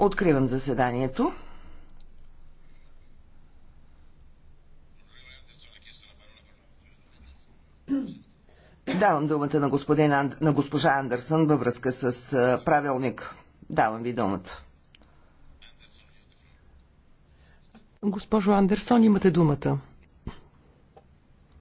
Откривам заседанието. Давам думата на, господин, на госпожа Андерсън във връзка с правилник. Давам ви думата. Госпожо Андерсон, имате думата.